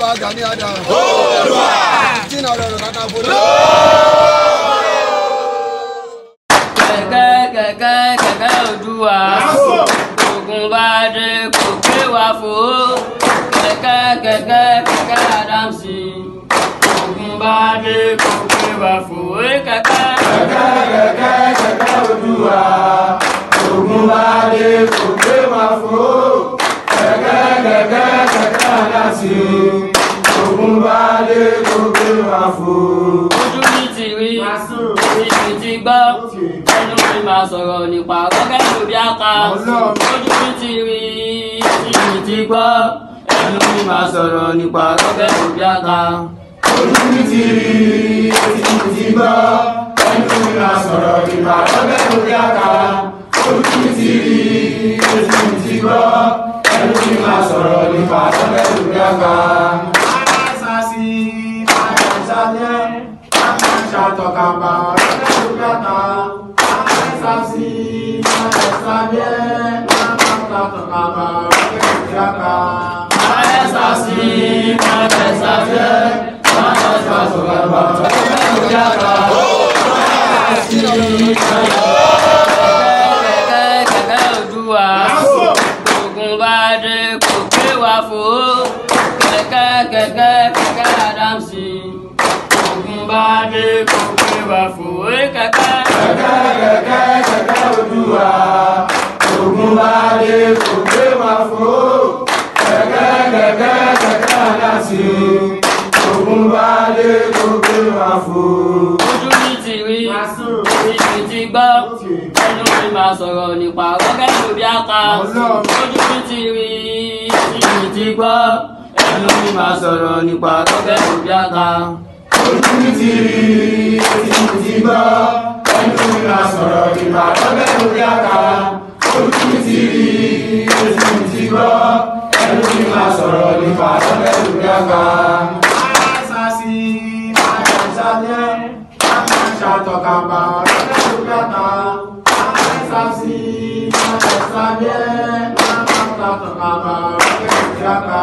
ọba Gani Adam. Oòduà. Jìnnà ọ̀rọ̀ ọ̀rọ̀ kàkà fún mi. Kẹ̀kẹ́ kẹ̀kẹ́ kẹ̀kẹ́ Oòduà. Ògùn bá dé kòkè wá fò. Kẹ̀kẹ́ kẹ̀kẹ́ kẹ̀kẹ́ Adamsi. Ògùn bá dé kòkè wá fò. Kẹ̀kẹ́ kẹ̀kẹ́ kẹ̀kẹ́ Oòduà. Ògùn bá dé kòkè wá fò sí ogun bá dé kó gbé wá fò. ojú mi ti rí ìsìn ti gbọ́ ẹnu mi máa sọ̀rọ̀ nípa gọ́gẹ́ tó bí aka ojú mi ti rí ìsìn ti gbọ́ ẹnu mi máa sọ̀rọ̀ nípa gọ́gẹ́ tó bí aka. ojú mi ti rí ìsìn ti gbọ́ ẹnu mi máa sọ̀rọ̀ nípa gọ́gẹ́ tó bí aka ojú mi ti rí ìsìn ti gbọ́ ẹnu mi máa sọ̀rọ̀ nípa gọ́gẹ́ tó bí aka dàgbà. Àyàṣà sí àyàṣà jẹ́ àyàṣà tọ̀kàbà ọ̀rẹ́dẹ́gbẹ̀ kẹta. Àyàṣà sí àyàṣà jẹ́ àyàṣà tọ̀kàbà ọ̀rẹ́dẹ́gbẹ̀ kẹta. Àyàṣà sí àyàṣà jẹ́ àyàṣà tọ̀kàbà ọ̀rẹ́dẹ́gbẹ̀ kẹta. Àyàṣà sí àyàṣà. wa ogun bá dé kò pé wa fò ó kẹ̀kẹ́ kẹ̀kẹ́ kẹ̀kẹ́ Adamsi ogun bá dé kó pé wá fòwé kẹ̀kẹ́. kẹ̀kẹ́ kẹ̀kẹ́ kẹ̀kẹ́ Odùwà ogun bá dé kó pé wá fò kẹ̀kẹ́ kẹ̀kẹ́ kẹ̀kẹ́ Adamsi ogun bá dé kó pé wá fò. ojú mi ti rí ìlú ti gbọ́ ẹnu mi máa sọ̀rọ̀ nípa rọ́gẹ́lì òbí àká ojú mi ti rí ìlú ti gbọ́ ló ní máa sọ̀rọ̀ nípa tọ́kẹ́ òbí àga. ojú mi ti rí etí mi ti gbọ́ ẹnu mi máa sọ̀rọ̀ nípa tọ́kẹ́ òbí àga. ojú mi ti rí etí mi ti gbọ́ ẹnu mi máa sọ̀rọ̀ nípa tọ́kẹ́ òbí àga. ayásásí ayásálẹ̀ ayásátọ̀kàbà ọ̀rẹ́ òbí àga. ayásásí ayásálẹ̀ ayásátọ̀kàbà ọ̀rẹ́ òbí àga.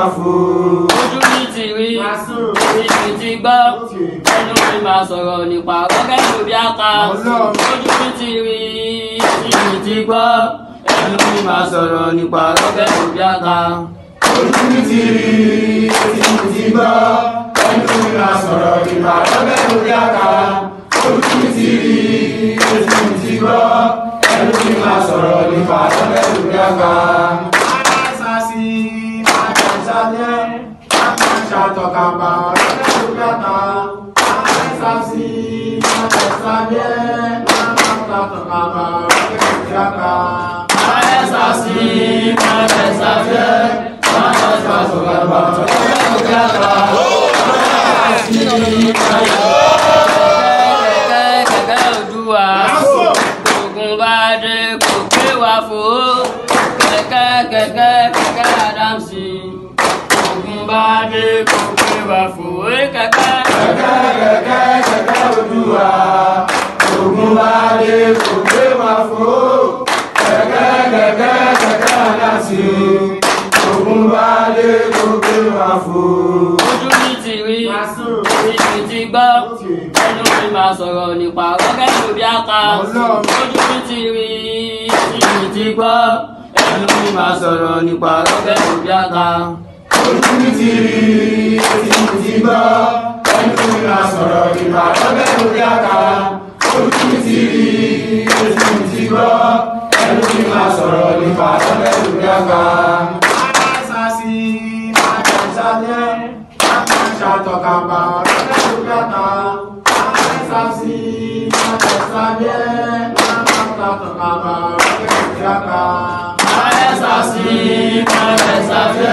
fò. ojú mi ti rí ojú mi ti gbọ́ ẹnu mi máa sọ̀rọ̀ nípa rọ́kẹ́ lórí àká. ojú mi ti rí ojú mi ti gbọ́ ẹnu mi máa sọ̀rọ̀ nípa rọ́kẹ́ lórí àká. ojú mi ti rí ojú ti gbọ́ ẹnu mi máa sọ̀rọ̀ nípa rọ́kẹ́ lórí àká. ojú mi ti rí ojú ti gbọ́ ẹnu mi máa sọ̀rọ̀ nípa rọ́kẹ́ lórí àká. 사네 아마샤토 가바 레루가타 아메사시 아메사네 아마샤토 가바 레루가타 아메사시 아메사네 아마샤토 가바 레루가타 아메사시 아메사네 Ogun bá dé kò gbé wa fò kẹ̀kẹ́ kẹ̀kẹ́ adé kò pé wà fòwé kàkà. kàkà kàkà kàkà Odùduwà ògùn adé kò pé wà fò. kàkà kàkà kàkà Alásìn ògùn adé kò pé wà fò. ojú mi ti rí orí mi ti gbọ́ ẹnu mi máa sọ̀rọ̀ nípa rọ́kẹ́ lóbi àká ojú mi ti rí orí ti gbọ́ ẹnu mi máa sọ̀rọ̀ nípa rọ́kẹ́ lóbi àká ojú ti rí etí ti gbọ́ ẹnu mi máa sọ̀rọ̀ ìgbà lọ́bẹ̀ tó dáka ojú ti rí etí ti gbọ́ ẹnu mi máa sọ̀rọ̀ ìgbà lọ́bẹ̀ tó dáka. Adásásí Adásásí Adásátọ̀kàpà lọ́bẹ̀ tó dáka Adásásí Adásásí Adásátọ̀kàpà lọ́bẹ̀ tó dáka. Adásásí Adásásí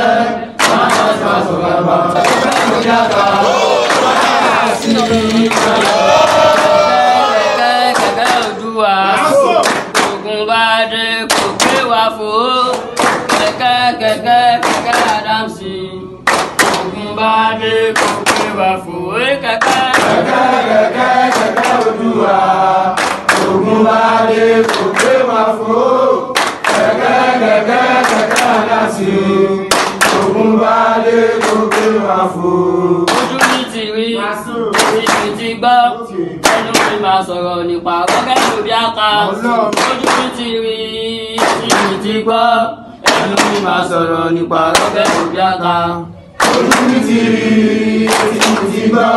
kẹ̀kẹ́ kẹ̀kẹ́ adamsi ogun bá dé kó gbé wa fòwe kẹ̀kẹ́. kẹ̀kẹ́ kẹ̀kẹ́ kẹ̀kẹ́ Odùduwà ogun bá dé kó gbé wa fò kẹ̀kẹ́ kẹ̀kẹ́ kẹ̀kẹ́ adamsi fò. ojú mi ti rí ojú mi ti gbọ́ ẹnu mi máa sọ̀rọ̀ nípa rọ́kẹ́tì òbí àká ojú mi ti rí ojú mi ti gbọ́ ẹnu mi máa sọ̀rọ̀ nípa rọ́kẹ́tì òbí àká. ojú mi ti rí ojú mi ti gbọ́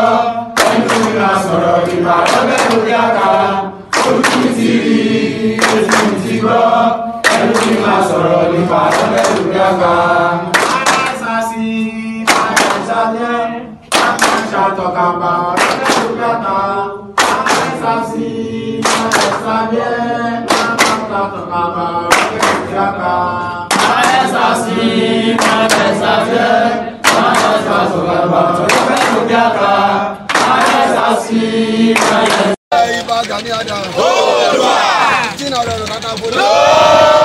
ẹnu mi máa sọ̀rọ̀ nípa rọ́kẹ́tì òbí àká ojú mi ti rí ojú mi ti gbọ́ ẹnu mi máa sọ̀rọ̀ nípa rọ́kẹ́tì òbí àká. baba tunata asasi asaje tunata baba tunata asasi asaje tunata baba tunata asasi asaje. Ìbà Gani Adams. Olúwa. Jìnnà rẹ̀